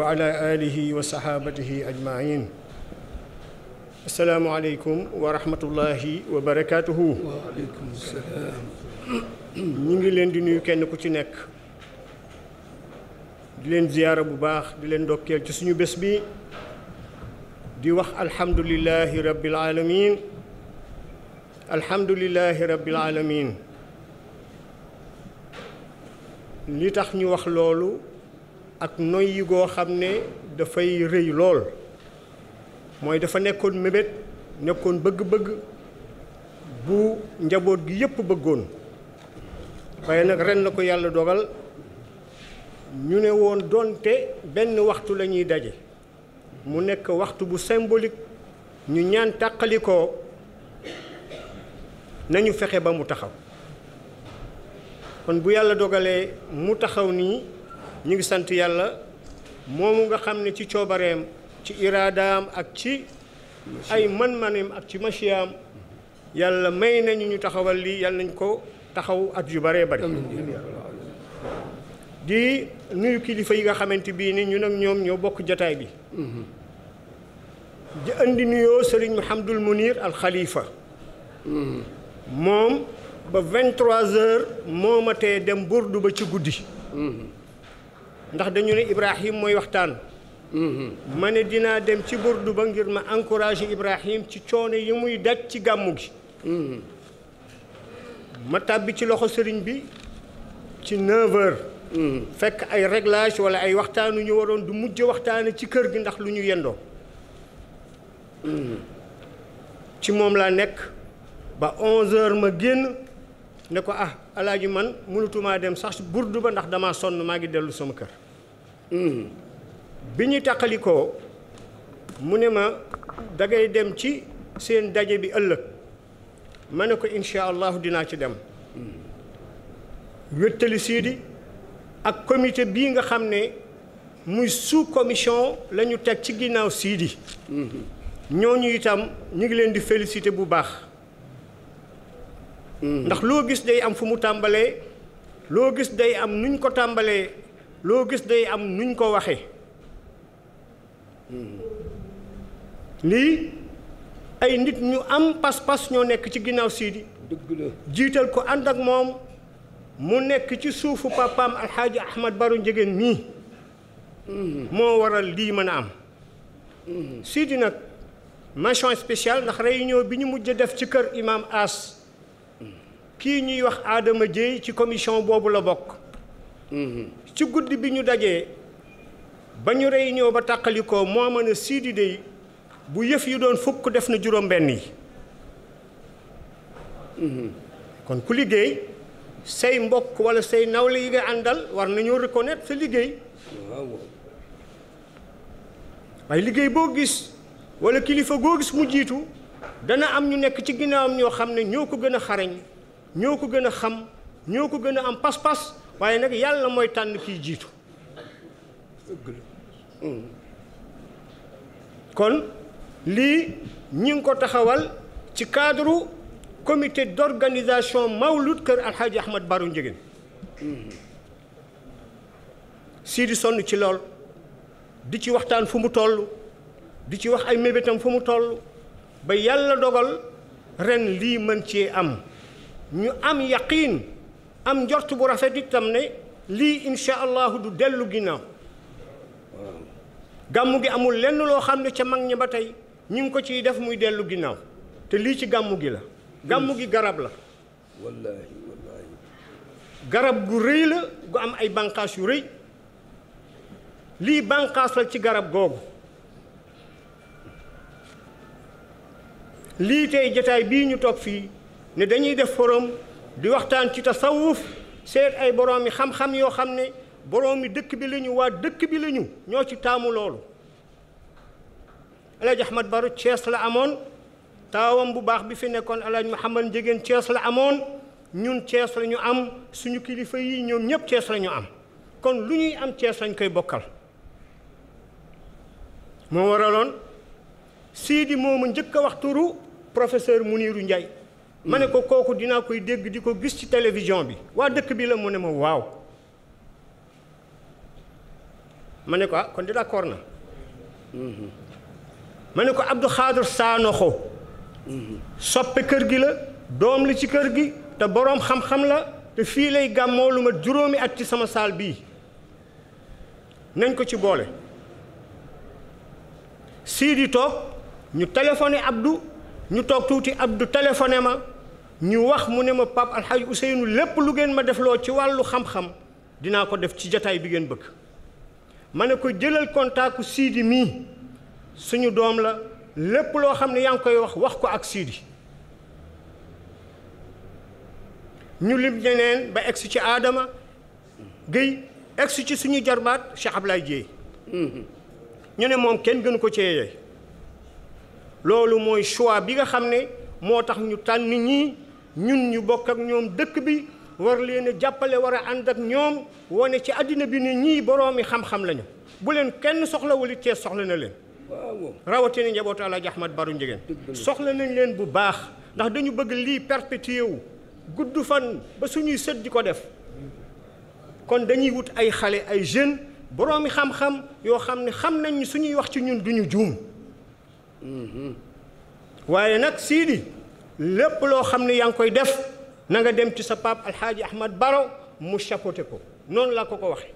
wa ala alihi wa ngi leen di nuyu kenn ku ci nekk di leen ziyaara bu baax di leen ndokkeel ci suñu bés bi di wax alhamdulilahi rabbil alamin alhamdulilahi rabbil alamin li tax ñu wax loolu ak noyyi goo xam ne dafay rëy lool mooy dafa nekkoon mébét nekkoon bëgg-bëgg bu njaboot gi yépp bëggoon waaye nag ren na ko yàlla dogal ñu ne woon donte benn waxtu lañuy daje mu nekk waxtu bu symbolique ñu ñaan tàqalikoo nañu fexe ba mu taxaw kon bu yàlla dogalee mu taxaw nii ñu ngi sant yàlla moomu nga xam ne ci coobareem ci iraadaam ak ci ay man-maneem ak ci machiyaam yàlla may nañu ñu taxawal lii yàlla nañ ko taxaw at yu baree bari di nuyu kilifa yi nga xamante bii ni ñu ak ñoom ñoo bokk jataay bi di indi nuyoo Serigne Mouhamadul Mounir al Khalifa moom ba 23 heures moo dem burdu ba ci guddi ndax dañu ne Ibrahim mooy waxtaan. Mm-hmm. ma ne dinaa dem ci burdu ba ngir ma encouragé Ibrahim ci coono yi muy daj ci gàmmu gi. Mm-hmm. ma tàbbi ci loxo sëriñ bi ci 9 mm-hmm. fekk ay réglage wala ay waxtaanu ñu waroon du mujj waxtaane ci kër gi ndax lu ñu yendoo. ci moom laa nekk ba 11h ma génn. ne ko ah alaaji man mënatumaa dem sax burdu ba ndax damaa sonn maa ngi dellu sama kër hmm. bi ñu tàqalikoo mu ne ma dangay dem ci seen daje bi ëllëg ma ne ko insha allahu dinaa ci dem hmm. wéttali siidi ak comité bii nga xam ne muy suuf commission la ñu teg ci ginnaaw siidi hmm. ñooñu itam ñu ngi leen di félicité bu baax ndax loo gis day am fu mu tàmbalee loo gis day am nuñ ko tàmbalee loo gis day am nuñ ko waxee lii ay nit ñu am pas-pas ñoo nekk ci ginnaaw Sidi jiital ko ànd ak moom mu nekk ci suufu papaam alxaaji Ahmad Baro Njegéen mii moo waral lii mën a am Sidi nag mention spéciale ndax réunion bi ñu mujj def ci kër imaam As kii ñuy wax aadama Dieye ci commission boobu la bokk mhm. ci guddi bi ñu dajee ba ñu rey réunion ba tàqalikoo moo mën a Sidi Dey bu yëf yi doon fukk def na juróom benn yi mhm. kon ku liggéey say mbokk wala say nawle yi nga àndal war nañoo reconnaître sa liggéey waaye liggéey boo gis walla kilifa goo gis mu jiitu dana am ñu nekk ci ginnaawam ñoo xam ne ñoo ko gën a xarañ ñoo ko gën a xam ñoo ko gën a am pas-pas waaye nag yàlla mooy tànn kiy jiitu kon lii ñu ngi ko taxawal ci cadre comité d'organisation mawlud kër alxaaji ahmad baru njegéen sii di sonn ci lool di ci waxtaan fu mu toll di ci wax ay mébétam fu mu toll ba yàlla dogal ren lii mën cee am ñu am yaqiin am njort bu rafet itam ne lii insha du dellu ginnaaw gàmmu gi amul lenn loo xam ne ca mag ñi ba tey ñu ngi ko ciy def muy dellu ginnaaw te lii ci gàmmu gi la gàmmu gi garab la garab gu rëy la gu am ay bànqaas yu rëy lii bànqaas la ci garab googu lii tey jataay bii ñu toog fii ne dañuy def forom di waxtaan ci tasawuf seet ay borom mi xam-xam yoo xam ne borom mi dëkk bi lañu waa dëkk bi lañu ñoo ci taamu loolu alaaj Ahmad baru Cees la amoon taawam bu baax bi fi nekkoon alaaj Muhammad Njegéen Cees la amoon ñun Cees la am suñu kilifa yi ñoom ñëpp Cees la am kon lu ñuy am Cees lañ koy bokkal moo waraloon Sidi moomu njëkk a wax turu professeur Muniru Ndiaye ma ne ko kooku dinaa koy dégg di ko gis ci télévision bi waa dëkk bi la mu ne ma waaw ma ne ko ah kon di d'accord na mm-hmm. ma ne ko Abdou Khadre Sanoxo mm-hmm. soppe kër gi la doom li ci kër gi te boroom xam-xam la te fii lay gàmmoo ma juróomi at ci sama saal bii nañ ko ci boole sii di toog ñu téléphoné Abdou ñu toog tuuti du téléphoné ma ñu wax mu ne ma Pape Alxaaji Ousseynou lépp lu ngeen ma defloo ci wàllu xam-xam dinaa ko def ci jataay bi ngeen bëgg ma ne ko jëlal kontaku Sidi mii suñu doom la lépp loo xam ne yaa ngi koy wax wax ko ak Sidi ñu lim ñeneen ba egsi ci Adama Guèye egsi ci suñu jarbaat Cheikh Ablaye Dieye mm-hmm. ñu ne moom kenn gënu ko ci yeeye loolu mooy choix bi nga xam ne moo tax ñu tànn ñi ñun ñu bokk ak ñoom dëkk bi war leen jàppale war a ànd ak ñoom wane ci àddina bi ne ñii boroomi xam-xam lañu bu leen kenn soxlawul it Cees soxla na leen. rawatina njabootu Alaaji Ahmad Baru Njegéen soxla nañ leen bu baax ndax dañu bëgg lii perpétuer wu gudd fan ba suñuy sët di ko def kon dañuy wut ay xale ay jeunes boroomi xam-xam yoo xam ne xam nañ suñuy wax ci ñun duñu juum. waaye nag siidi lépp loo xam ne yaa ngi koy def na nga dem ci sa pape alxaaji ahmad baro mu chapeauté ko noonu laa ko ko waxee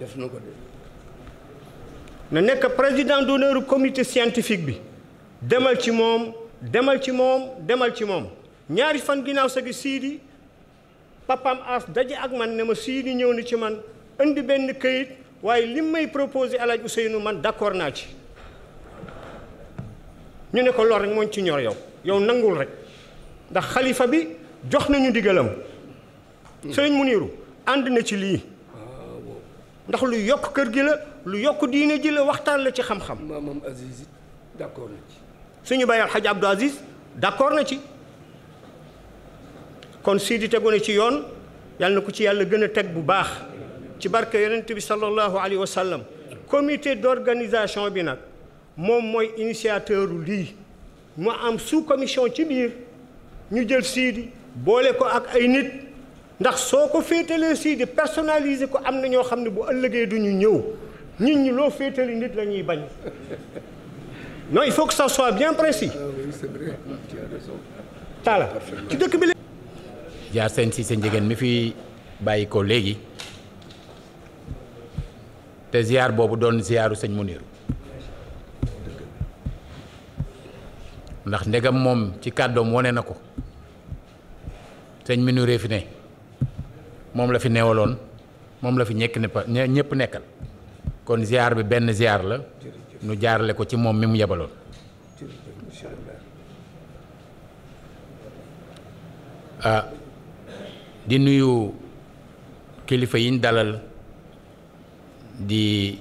def na ko na nekk président d'honneur comité scientifique bi demal ci moom demal ci moom demal ci moom ñaari fan ginnaaw sa gi siidi papam as daje ak man ne ma siidi ñëw na ci man indi benn këyit waaye li may proposé alaaj seenu man d'accord naa ci ñu ne ko lor rek mooñ ci ñor yow yow nangul rek ndax xalifa bi jox nañu ndigalam sëriñ Muniiru ànd na ci lii ndax lu yokk kër gi la lu yokk diine ji la waxtaan la ci xam-xam maamam Aziz d'accord suñu bàyyi alxaj Abdou Aziz d'accord na ci kon sii di tegu na ci yoon yàlla na ko ci yàlla gën a teg bu baax ci barke yonent bi sallallahu alayhi wa sallam comité d'organisation bi nag moom mooy initiateur lii mu am sous commission ci biir ñu jël siidi boole ko ak ay nit ndax soo ko féetalee siidi personnalisé ko am na ñoo xam ne bu ëllëgee du ñu ñëw nit loo féetali nit la ñuy bañ non il faut que ça soit bien précis. Ah taala ci dëkk bi la. jaar seen si sa njëgeen mi fi bàyyi ko léegi. te ziar boobu doon ziaru sëñ mu Muniru ndax ndegam moom ci kàddoom wone na ko sëñ mi Muniru fi ne moom la fi neewaloon moom la fi ñekk ne ñëpp nekkal kon ziar bi benn ziar la nu jaarale ko ci moom mi mu yebaloon ah di nuyu kilifa yiñ dalal di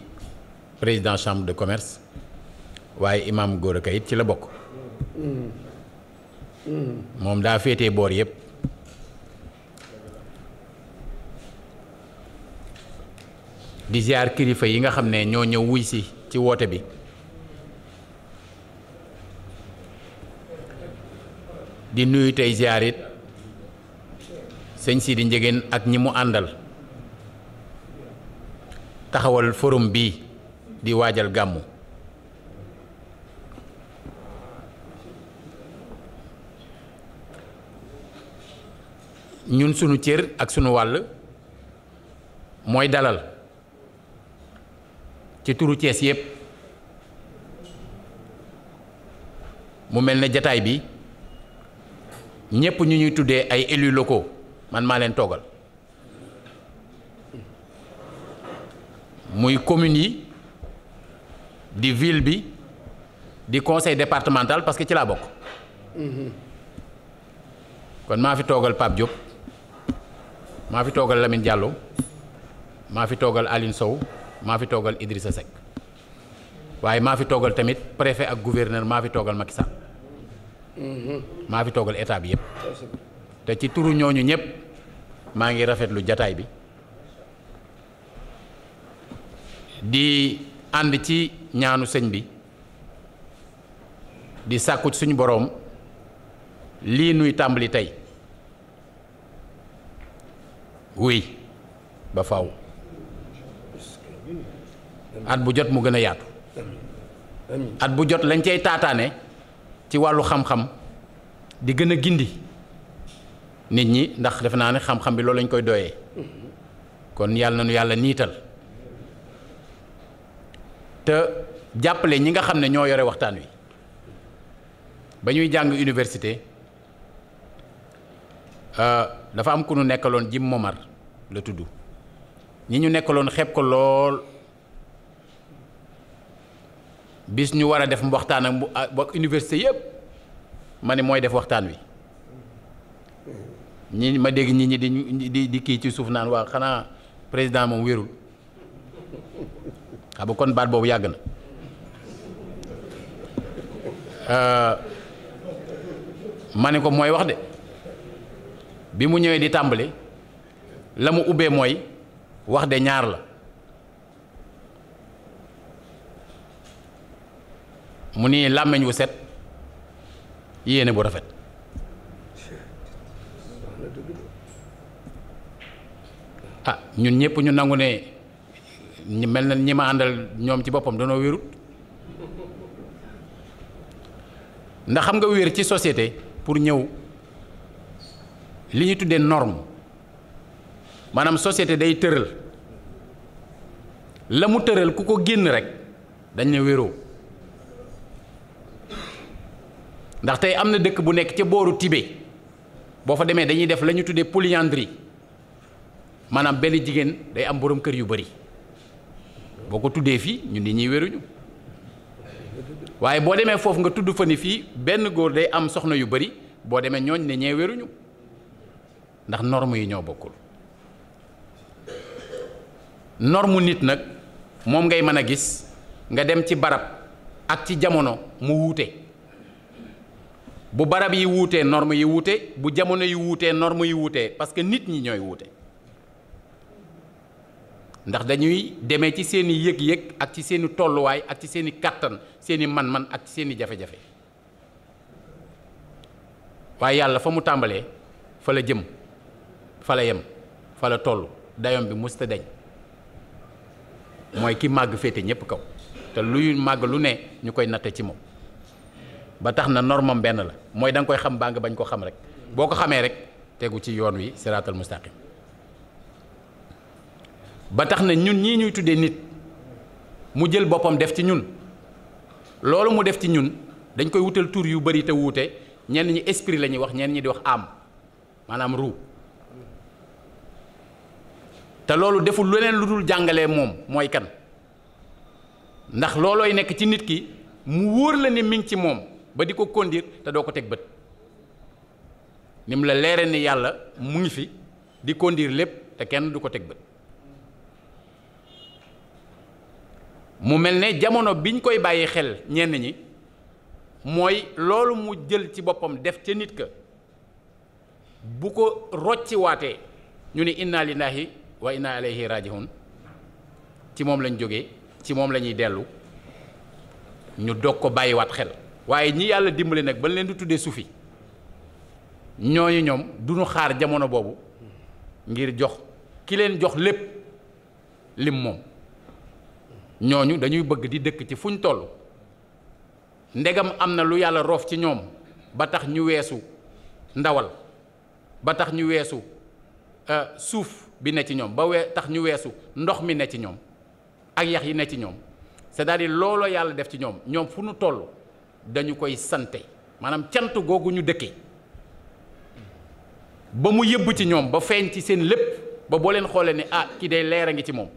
président chambre de commerce waaye imam góor a it ci la bokk moom daa féete boor yëpp di ziar kilifa yi nga xam ne ñoo ñëw wuy si ci woote bi di nuyutey tey ziar it sëñ si di njegéen ak ñi mu àndal taxawal forum bii di waajal gàmmu ñun sunu cër ak sunu wàll mooy dalal ci turu Cees yépp mu mel ne jataay bi ñépp ñu ñuy tuddee ay élus man maa leen toogal muy communes yi di ville bi di conseil départemental parce que ci laa bokk. kon maa fi toogal Pape Diop maa fi toogal Lamine Diallo maa fi toogal Aline Sow maa fi toogal sa Seck waaye maa fi toogal tamit préfet ak gouverneur maa fi toogal Macky Sall maa fi toogal état bi yépp te ci turu ñooñu ñépp maa ngi rafetlu jataay bi. di ànd ci ñaanu sëñ bi di sàkku suñu boroom lii nuy tàmbali tey wuy ba faw at bu jot mu gën a yaatu at bu jot lañ cay taataane ci wàllu xam-xam di gën a gindi nit ñi ndax def naa ne xam-xam bi loolu lañ koy doyee kon yàlla na nu yàlla niital te jàppale ñi nga xam ne ñoo yore waxtaan wi ba ñuy jàng université euh, dafa am ku ñu nekkaloon Jim Momar la tudd ñi ñu nekkaloon xeeb ko lool bis ñu war a def waxtaan ak bu université yëpp ma ne mooy def waxtaan wi ñi ma dégg ñi ñi di di di kii ci suuf naan waa xanaa président moom wérul xam kon baat boobu yàgg na euh, ma ne ko mooy wax de bi mu ñëwee di tàmbali la mu ubbee mooy wax de ñaar la mu ni làmmiñ wu set yéene bu rafet ah ñun ñëpp ñu nangu ne ñi mel na ñi ma àndal ñoom ci boppam danoo wérut ndax xam nga wér ci société pour ñëw li ñu tuddee norme maanaam société day tëral la mu tëral ku ko génn rek dañ ne wéroo ndax tey am na dëkk bu nekk ca booru Tibet boo fa demee dañuy def la ñu tuddee polyandrie maanaam benn jigéen day am boroom kër yu bari boo ko tuddee fii ñun ni ñi wéruñu waaye boo demee foofu nga tudd fa ni fii benn góor day am soxna yu bari boo demee ñooñ ne ñee wéruñu ndax norme yi ñoo bokkul norme nit nag moom ngay mën a gis nga dem ci barab ak ci jamono mu wuute bu barab yi wuutee norme yi wute bu jamono yi wuutee norme yi wuutee parce que nit ñi ñooy wuute ndax dañuy demee ci seeni i yëg-yëg ak ci seeni tolluwaay ak ci seen i kàttan seeni man-man ak ci seen jafe-jafe waaye yàlla fa mu tàmbalee fa la jëm fa la yem fa la toll dayom bi musta dañ mooy ki màgg féete ñépp kaw te luy màgg lu ne ñu koy natte ci moom ba tax na normam benn la mooy da koy xam baa nga bañ ko xam rek boo ko xamee rek tegu ci yoon wi siraatal mustaqim ba tax na ñun ñii ñuy tuddee nit mu jël boppam def ci ñun loolu mu def ci ñun dañ koy wutal tur yu bari te wuute ñenn ñi esprit la ñuy wax ñenn ñi di wax âme maanaam ruu te loolu deful leneen lu dul jàngale moom mooy kan ndax loolooy nekk ci nit ki mu wóor la ne mi ngi ci moom ba di ko conduire te doo ko teg bët ni la leere ni yàlla mu ngi fi di conduire lépp te kenn du ko teg bët mu mel ne jamono biñ koy bàyyi xel ñenn ñi mooy loolu mu jël ci boppam def ca nit ka bu ko rocciwaatee ñu ni inna lillahi wa inna ilayhi rajiun ci moom lañ jóge ci moom lañuy dellu ñu dog ko bàyyiwaat xel waaye ñi yàlla dimbali nag ba leen di tuddee sufi ñooñu ñoom du ñu xaar jamono boobu ngir jox ki leen jox lépp lim moom ñooñu dañuy bëgg di dëkk ci fuñ toll ndegam am na lu yàlla roof ci ñoom ba tax ñu weesu ndawal ba tax ñu weesu euh, suuf bi ne ci ñoom ba we tax ñu weesu ndox mi ne ci ñoom ak yax yi ne ci ñoom c'est-à-dire looloo yàlla def ci ñoom ñoom fu ñu toll dañu koy sante maanaam cant googu ñu dëkkee ba mu yëbb ci ñoom ba feeñ ci seen lépp ba boo leen xoolee ni ah kii day leer a ngi ci moom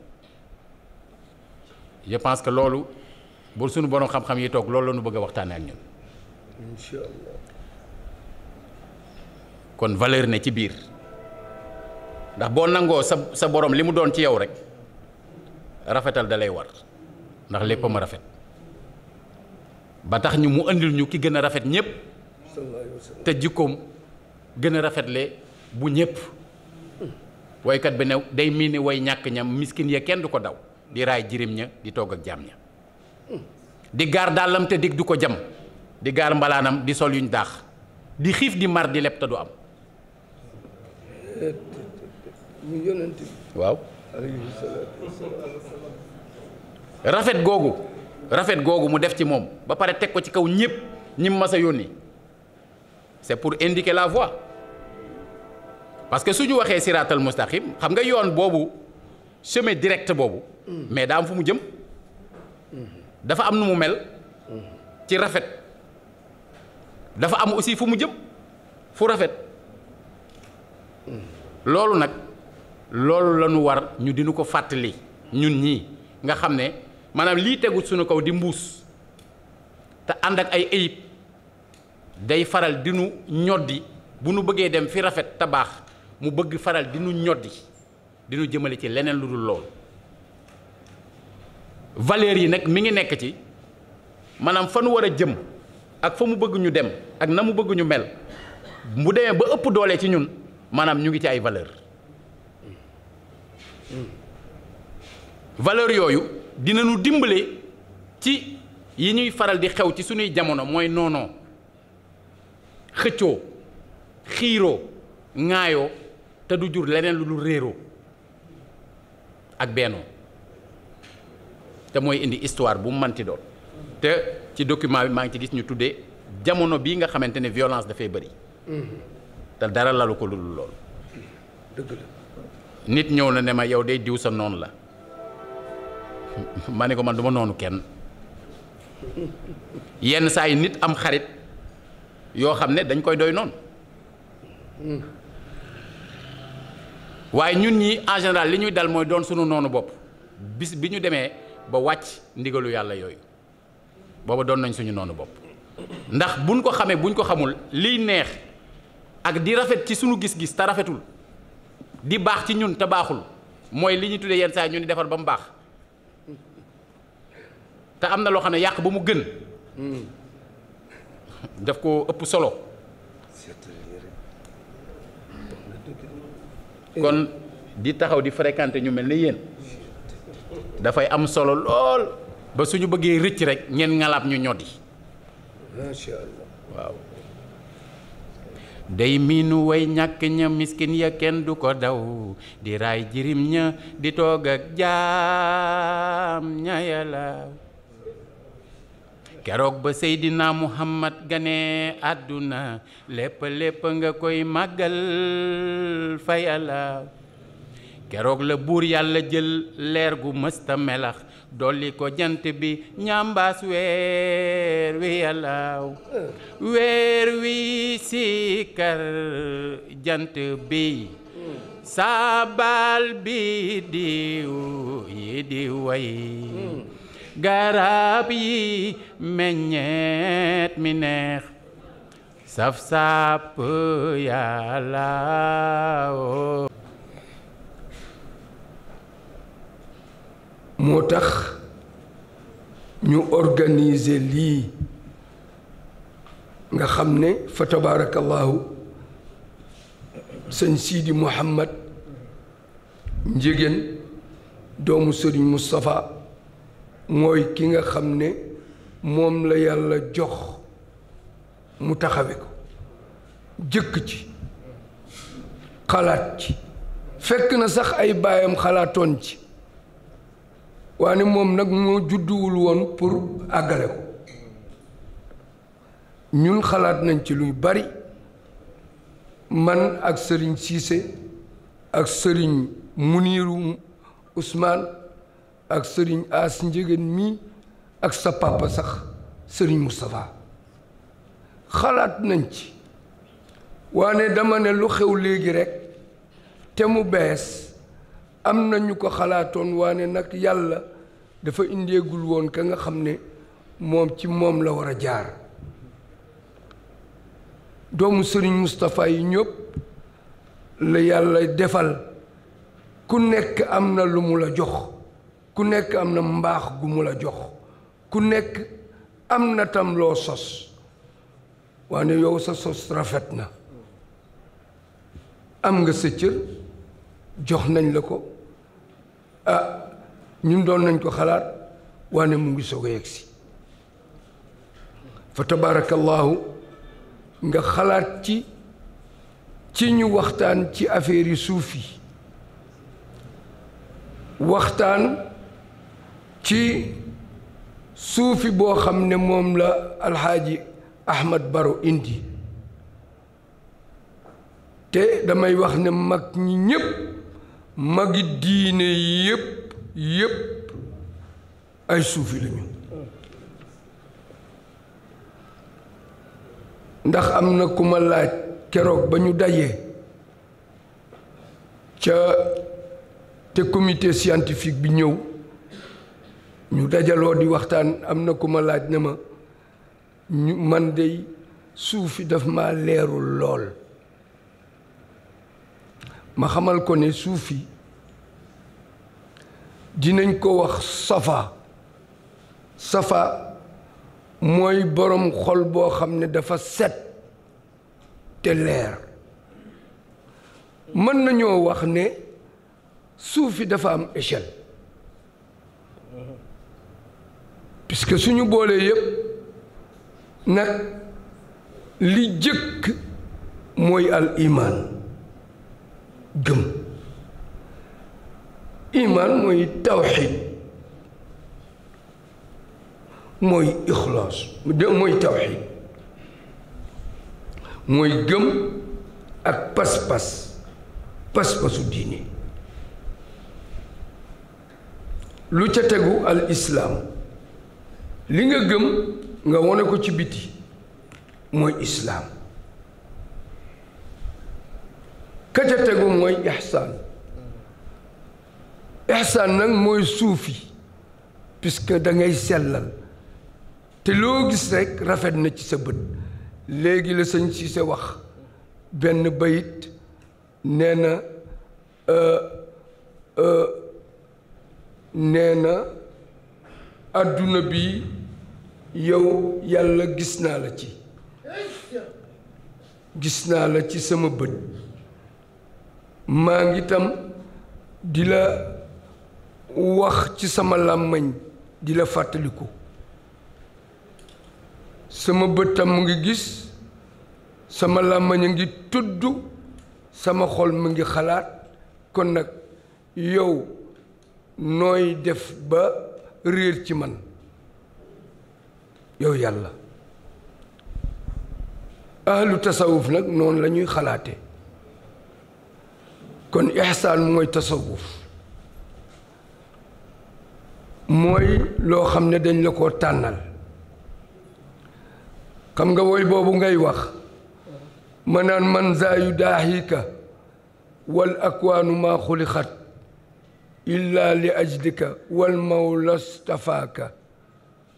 je pense que loolu bu suñu boroom xam-xam yi toog loolu la ñu bëgg a waxtaanee ak ñun. kon valeur ne ci biir ndax boo nangoo sa sa borom li mu doon ci yow rek rafetal dalay lay war ndax lépp ma rafet ba tax ñu mu andil ñu ki gën a rafet ñëpp te jikkoom gën a rafetle bu ñëpp waykat bi new day miine woy ñàkk ñam miskin ya kenn du ko daw. di raay jirim ña di togg ak jaam ña di gaar dàllam te digg du ko jam di gaar mbalaanam di sol yuñ daax di xiif di mar di leb te du am waaw rafet googu rafet googu mu def ci moom ba pare teg ko ci kaw ñépp ñim mas a yónni c'est pour indiquer la voie parce que su ñu waxee siraatal mustaqim xam nga yoon boobu chemin direct boobu mais daa am fu mu jëm dafa am nu mu mel ci rafet dafa am aussi fu mu jëm fu rafet loolu nag loolu la ñu war ñu dinu ko fàttali ñun ñii nga xam ne maanaam lii tegu suñu kaw di mbuus te ànd ak ay ayib day faral di nu ñoddi bu nu bëggee dem fi rafet te baax mu bëgg faral di ñoddi dinu jëmale ci leneen lu dul lool valeurs yi nag mi ngi nekk ci maanaam fa nu war a jëm ak fa mu bëgg ñu dem ak na mu bëgg ñu mel mu demee ba ëpp doole ci ñun maanaam ñu ngi ci ay valeur valeurs yooyu dina nu dimbale ci yi ñuy faral di xew ci suñuy jamono mooy noonoo xëccoo xiiroo ŋaayoo te du jur leneen lu dul réeroo ak Benno te mooy indi histoire bu mu manti doon te ci document bi maa ngi ci gis ñu tuddee jamono bii nga xamante ne violence dafay bëri mm-hmm. te dara lalu ko lu lool dëgg nit ñëw na ne ma yow day diw sa noon la ma ne ko man du noonu kenn yenn saa yi nit am xarit yoo xam ne dañ koy doy noonu mm-hmm. waaye ñun ñi en li ñuy dal mooy doon sunu noonu bopp bis bi ñu demee ba wàcc ndigalu yàlla yooyu booba doon nañ suñu noonu bopp ndax buñ ko xamee buñ ko xamul liy neex ak di rafet ci suñu gis-gis te rafetul di baax ci ñun te baaxul mooy li ñu tuddee yenn saa ñu ni defar ba mu baax te am na loo xam ne yàq ba mu gën mm. daf ko ëpp solo kon di taxaw di frekante ñu mel ni yéen dafay am solo lool ba suñu bëggee rëcc rekk ngeen ngalaab ñu ñoddi macha allah day miinu way ñàkk ña miskin ya kenn du ko daw di raay jirim ña di toog ak jaam ña yàlla keroog ba Seydina Muhammad gane àdduna lépp lépp nga koy màggal fay Alla keroog la buur yàlla jël leer gu mësta melax dolli ko jant bi ñambaas weer wi yàllaaw weer wi siikar jant bi saabal bi diw yi di way garab yi meññeet mi neex saf sap yàlla woo moo tax ñu organiser lii nga xam ne fa tabaarakallaahu sëñ Sidi Mouhamad Njégéen doomu Sëriñ Moustapha mooy ki nga xam ne moom la yàlla jox mu taxawe ko jëkk ci xalaat ci fekk na sax ay baayam xalaatoon ci waane moom nag moo judduwul woon pour àggale ko ñun xalaat nañ ci luy bari man ak sëriñ Cissé ak sëriñ Muniru Ousmane ak sëriñ As Njëgeen mi ak sa papa sax sëriñ Moustapha xalaat nañ ci waane dama ne lu xew léegi rekk te mu bees am na ñu ko xalaatoon waane nag yàlla dafa indeegul woon ka nga xam ne moom ci moom la war a jaar doomu sëriñ Moustapha yi ñëpp la yàlla defal ku nekk am na lu mu la jox ku nekk am na mbaax gu mu la jox ku nekk am na tam loo sos waane yow sa sos rafet na am nga sa cër jox nañ la ko a ah, ñun doon nañ ko xalaat waane mu ngi soog a yegsi fa tabaarakallaahu nga xalaat ci ci ñu waxtaan ci affaire yi suuf yi waxtaan ci suufi boo xam ne moom la alxaaji Ahmad Baro indi te damay wax ne mag ñi ñépp magi diine yépp yépp ay suufi lañu ndax am na ku ma laaj keroog ba ñu dajee ca te comité scientifique bi ñëw ñu dajaloo di waxtaan am na ku ma laaj ne ma ñu man dey suufi daf ma leerul lool ma xamal ko ne suufi dinañ ko wax safa safa mooy boroom xol boo xam ne dafa set te leer mën nañoo wax ne suufi dafa am échelle puisque suñu boolee yépp nag li jëkk mooy al iman gëm iman mooy tawxid mooy ixlaas mooy tawxid mooy gëm ak pas-pas pas-pasu diine lu ca tegu al islaam li nga gëm nga wone ko ci biti mooy islaam ka ca tegu mooy ihsaan ihsaan nag mooy suufi puisque dangay ngay sellal te loo gis rekk rafet na ci sa bët léegi la sëñ ci sa wax benn bayit nee na euh, euh, nee na àdduna bi yow yàlla gis naa la ci gis naa la ci sama bët maa ngi tam di la wax ci sama làmmañ di la fàttaliku sama bët tam mu ngi gis sama làmmañ a ngi tudd sama xol mu ngi xalaat kon nag yow nooy def ba réer ci man yow yàlla ahlu tasawuf nag noonu lañuy xalaate kon ixsaan mooy tasawuf mooy loo xam ne dañ la ko tànnal xam nga woy boobu ngay wax manaan naan man za yu daaxika wal akwaanu maa xulixat illa li ajdika wal mawla stafaaka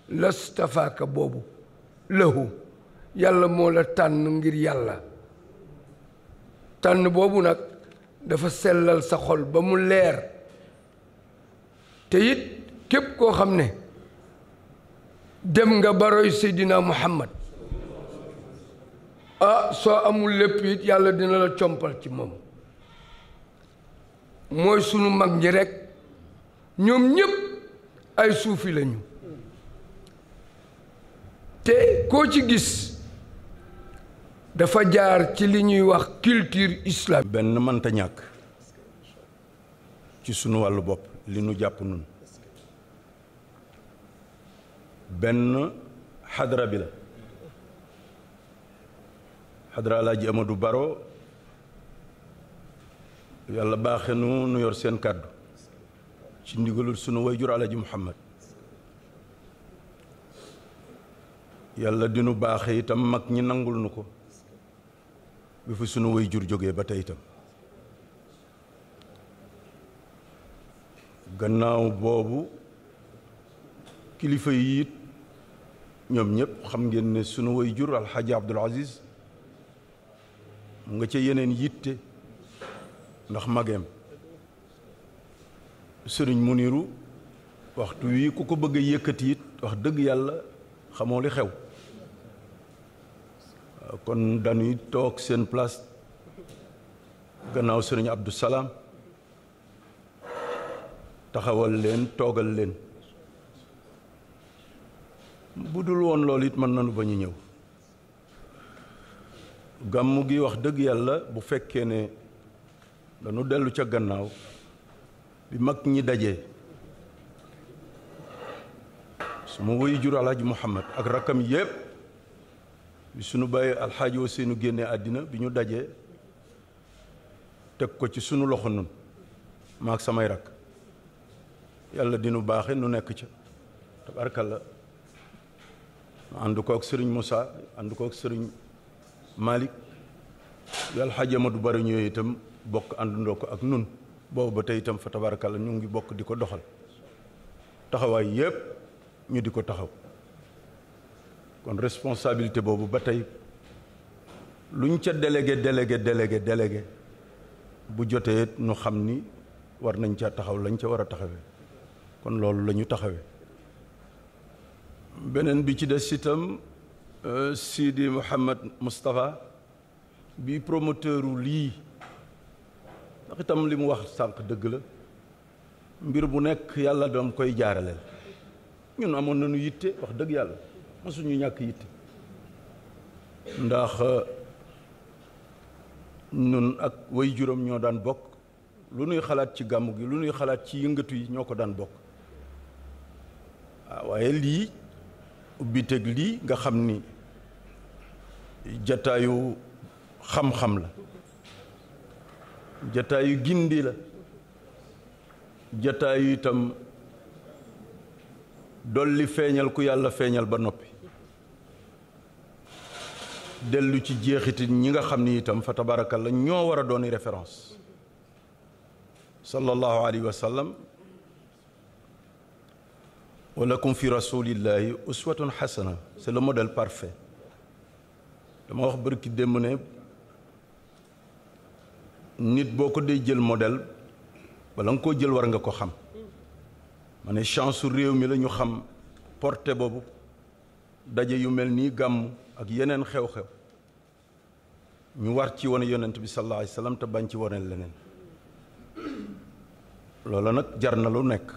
lastafaaka boobu lahu yàlla moo la tànn ngir yàlla tànn boobu nag dafa sellal sa xol ba mu leer te it képp koo xam ne dem nga baroy Seydina Muhammad a ah, soo amul lépp it yàlla dina la compal ci moom mooy sunu mag ñi rekk ñoom ñépp ay suufi lañu te koo ci gis dafa jaar ci li ñuy wax culture islaam benn mënta ñàkk ci sunu wàllu bopp li nu jàpp nun benn xadra bi la xadra alaaji du Baro yàlla baaxe nu nu yor seen kàddu ci ndigalul sunu wayjur alaaji Muhammad yàlla dinu baaxe itam mag ñi nangul nu ko bi fi sunu way jur jógee ba tey itam gannaaw boobu kilifa yi it ñoom ñëpp xam ngeen ne sunu way jur alxaaji abdul aziz mu nga ca yeneen yitte ndax mageem sëriñ mu muniru waxtu wi ku ko bëgg a wax dëgg yàlla xamoo li xew kon dañuy toog seen place gannaaw sëriñ Abdou Salaam taxawal leen toogal leen bu dul woon loolu it mën nañu ba ñu ñëw gàmmu gi wax dëgg yàlla bu fekkee ne dañu dellu ca gannaaw bi mag ñi dajee suma woyu jur alhaji Mouhamed ak rakkam yépp bi sunu bàyyi alxaaji wa seenu génne àddina bi ñu dajee teg ko ci sunu loxo nun maak samay rakk yàlla dinu baaxe nu nekk ca tabarkalla mu ànd ko ak sëriñ Moussa ànd ko ak sëriñ Malick bi alxaaji du bari ñëwee itam bokk àndundoo ko ak nun boobu ba tey itam fa tabarkalla ñu ngi bokk di ko doxal taxawaay yépp ñu di ko taxaw kon responsabilité boobu ba tey luñ ca délégué délégué délégué délégué bu jotee nu xam ni war nañ ca taxaw lañ ca war a taxawe kon loolu la ñu taxawee beneen bi ci des itam euh, Sidi Mouhamed Moustapha bi promoteur u lii ndax itam li mu wax sànq dëgg la mbir bu nekk yàlla doom koy jaaraleel ñun amoon nañu yitte wax dëgg yàlla suñu ñàkk yitte ndax euh, ñun ak way juróom ñoo daan bokk lu nuy xalaat ci gàmm gi lu nuy xalaat ci yëngatu yi ñoo ko daan bokk ah, waaye lii ubbiteg lii nga xam ni jataayu xam-xam la jataayu gindi la jataayu itam dolli feeñal ku yàlla feeñal ba noppi dellu ci jeexiti ñi nga xam ni itam fa tabaarakalla ñoo war a doon référence sallallahu alayhi wa walla wa lakum fi rasulillahi uswatun xasana c'est le modèle parfait dama wax bërki démb ne nit boo ko dee jël modèle bala nga koo jël war nga ko xam ma ne chance réew mi lañu xam porté boobu daje yu mel nii gàmm ak yeneen xew-xew ñu war ci wane yonent bi sallallahu alayhi te bañ ci wane leneen loolu nag jar na lu nekk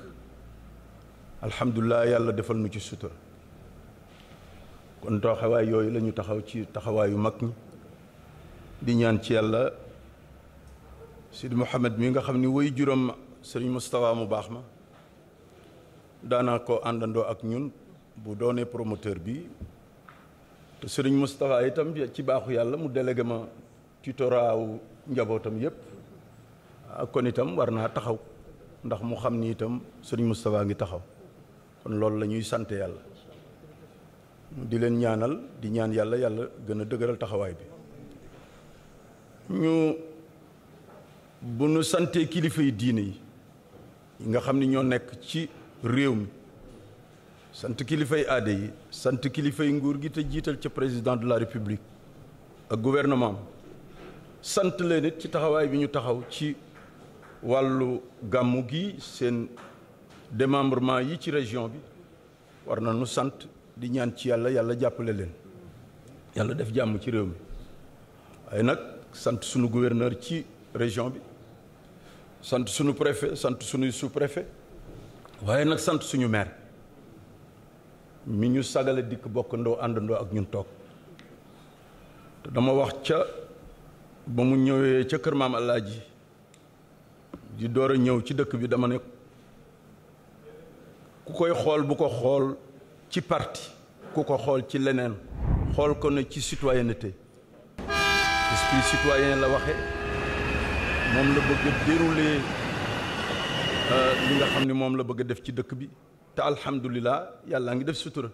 alhamdulilah yàlla defal nu ci sutura kon taxawaay yooyu lañu taxaw ci taxawaayu mag ñi di ñaan ci yàlla Sidi Mouhamed mi nga xam ni woy juróom sëriñ Moustapha mu baax ma daanaa ko àndandoo ak ñun bu doonee promoteur bi te sëriñ Moustapha itam ci baaxu yàlla mu délégué ma tutoraawu njabootam yëpp kon itam war naa taxaw ndax mu xam ni itam sëriñ Moustapha ngi taxaw kon loolu la ñuy sant yàlla di leen ñaanal di ñaan yàlla yàlla gën a dëgëral taxawaay bi ñu bu nu santee kilifa yi diine yi nga xam ni ñoo nekk ci réew mi sant kilifay aada yi sant kilifay nguur gi te jiital ca président de la république ak gouvernement sant leen it ci taxawaay bi ñu taxaw ci wàllu gàmmu gi seen démembrement yi ci région bi war na nu sant di ñaan ci yàlla yàlla jàppale leen yàlla def jàmm ci réew mi waaye nag sant sunu gouverneur ci région bi sant sunu préfet sant sunu sous-préfet waaye nag sant suñu maire mi ñu sagale dikk bokkandoo àndandoo ak ñun toog te dama wax ca ba mu ñëwee ca kër maam ji di door a ñëw ci dëkk bi dama ne ku koy xool bu ko xool ci parti ku ko xool ci leneen xool ko ne ci citoyenneté esprit citoyen la waxe moom la bëgg a Euh, li nga xam ni moom la bëgg a def ci dëkk bi te alhamdulilah yàlla ngi def sutura.